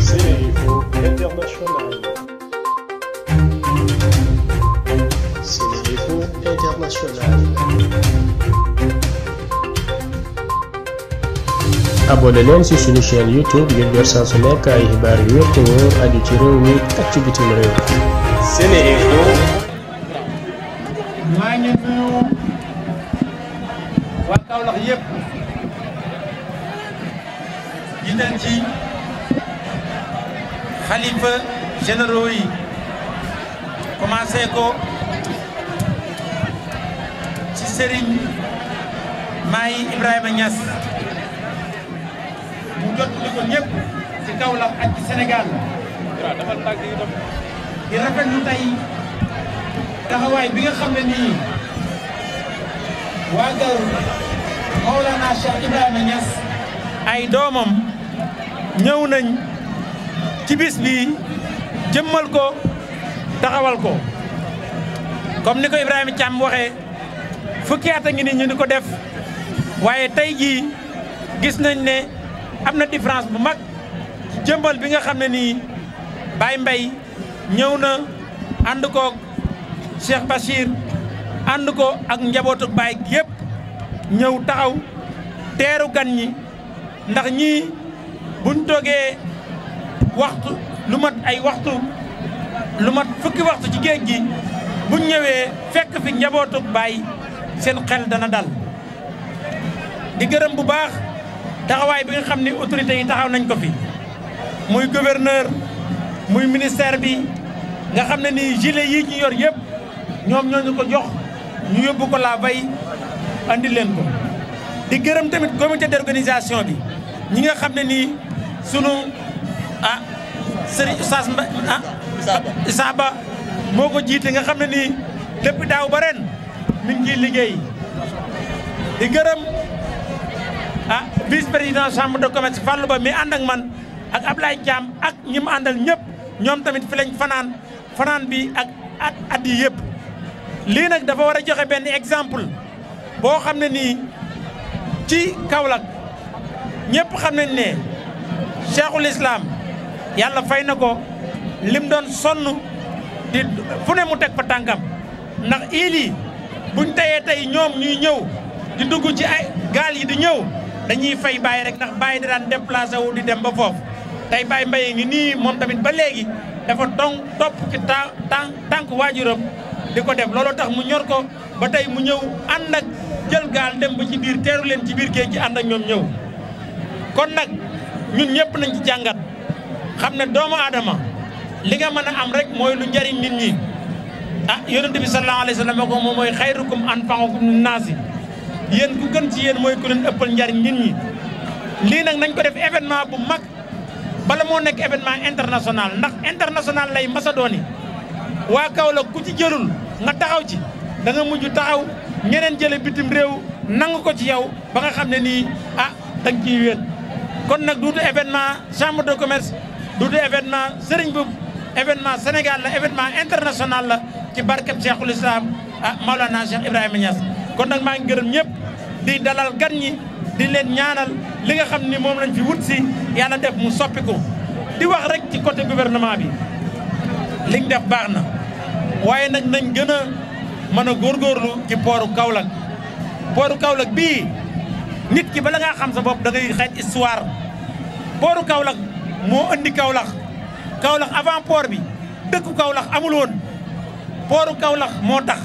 C'est international. Sénéfo international. abonné leen ci suñu YouTube ngir jot saa su nekk ay xibaar yu wér te wóor aju ci réew mi jiital xalifa généraux yi commencé ko ci sëriñ Maay Ibrahima Niass mu jot li ko ñëpp ci Kaolack ak ci Sénégal di rafet lu tey taxawaay bi nga xam ne nii waa gaw Mawlana Cheikh Ibrahima Niass ay doomam ñëw nañ ci bis bi jëmmal ko taxawal ko comme ni ko Ibrahima Thiam waxee fukki at a ngi ni ñu di ko def waaye tey jii gis nañ ne am na différence bu mag ci jëmbal bi nga xam ne nii Baye mbay ñëw na ànd ko Cheikh Bachir ànd ko ak njabootu Baye yépp ñëw taxaw teeru gan ñi ndax ñii buñ toogee waxtu lu mat ay waxtu lu mat fukki waxtu ci géej gi buñ ñëwee fekk fi njabootu baay seen xel dana dal di gërëm bu baax taxawaay bi nga xam ne autorités yi taxaw nañ ko fi muy gouverneur muy ministère bi nga xam ne nii gilet yii ñu yor yëpp ñoom ñoo ñu ko jox ñu yóbbu ko la bay andi leen ko di gërëm tamit comité d'organisation bi ñi nga xam ne nii sunu a ah, Serigne Sass Mbaye ah. Issa Ba moo ko jiite nga xam ne nii depuis daaw ba ren mi ngi liggéey di gërëm ah vice président chambre de commerce Fallou Ba mi ànd man ak Ablaye Thiam ak ñi mu àndal ñëpp ñoom tamit fi lañ fanaan fanaan bi ak at at yi yëpp. lii nag dafa war a joxe benn exemple boo xam ne nii ci kawlak ñëpp xam nañ ne. cheikhul islam yàlla fay na ko lim doon sonn di fu ne mu teg fa tànkam ndax iil buñ teyee tey ñoom ñuy ñëw di dugg ci ay gaal yi di ñëw dañuy fay bàyyi rek ndax bàyyi di daan déplacé wu di dem ba foofu tey bàyyi mbaye ngi nii moom tamit ba léegi dafa don topp ci ta tàn tànk waajuram di ko def looloo tax mu ñor ko ba tey mu ñëw ànd ak jël gaal dem ba ci biir teeru leen ci biir géej gi ànd ak ñoom ñëw kon nag ñun ñëpp nañ ci jàngat xam ne doomu aadama li nga mën a am rek mooy lu njariñ nit ñi ah yonent bi sallallahu alayhi wa sallam ko moom mooy xayrukum anfa'ukum linnaasi yéen ku gën ci yéen mooy ku leen ëppal njariñ nit ñi lii nag nañ ko def événement bu mag bala moo nekk événement international ndax international lay masa dooni waa Kaolack ku ci jëlul nga taxaw ci da nga mujj taxaw ñeneen jële bitim réew nangu ko ci yow ba nga xam ne nii ah dañ ciy wéet kon nag duutu événement chambre de commerce duutu événement Serigne Boub événement Sénégal la événement international la ci barkeb Cheikhul Islam ah Maolana Cheikh Ibrahima Niass kon nag maa ngi gërëm ñëpp di dalal gan ñi di leen ñaanal li nga xam ni moom lañ fi wut si yàlla def mu soppiku di wax rek ci côté gouvernement bi liñ def baax na waaye nag nañ gën a mën a góorgóorlu ci pooru Kaolack pooru Kaolack bii nit ki bala ngaa xam sa bopp dangay ngay xeet histoire pooru Kaolack moo andi Kaolack Kaolack avant poor bi dëkku Kaolack amul woon pooru Kaolack moo tax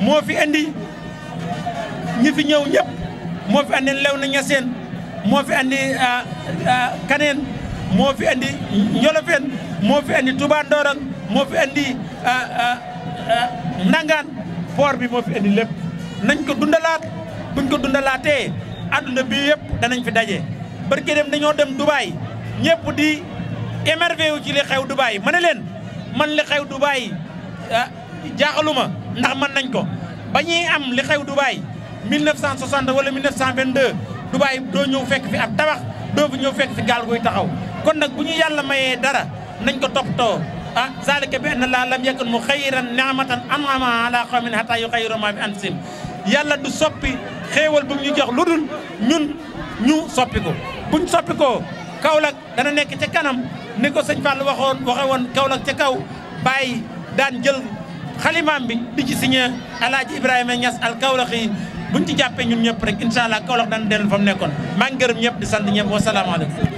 moo fi andi ñi fi ñëw ñëpp moo fi andi lew na ñaseen moo fi andi euh, euh, kaneen moo fi andi ñolofeen moo fi andi Touba moo fi andi euh, nangaan port bi moo fi andi lépp nañ ko dundalaat buñ ko dundalaatee àdduna bi yëpp danañ fi daje. barke dem dañoo dem Dubaay ñëpp di émerveillé wu ci li xew Dubaay ma ne leen man li xew Dubaay ah ndax mën nañ ko ba ñuy am li xew Dubaay 1960 wala 1922 Dubaay doo ñëw fekk fi ab tabax doo fi ñëw fekk fi gaal guy taxaw kon nag bu ñu yàlla mayee dara nañ ko toppatoo. ah zalika bi anna laa lam yakun mu xayiran ni'matan an'amahaa alaa qawmin hattaa yuxayyiru maa bi anfusihim yàlla du soppi xéewal bu ñu jox lu dul ñun ñu soppi ko buñ soppi ko Kaolack dana nekk ca kanam ni ko sëñ Fall waxoon waxe woon Kaolack ca kaw bàyyi daan jël xalimaam bi di ci signé El Hadj Ibrahima Niass al Kaolack yi buñ ci jàppee ñun ñëpp rek incha allah Kaolack dana dellu fa mu nekkoon maa ngi gërëm ñëpp di sant ñëpp wa salaamaaleykum.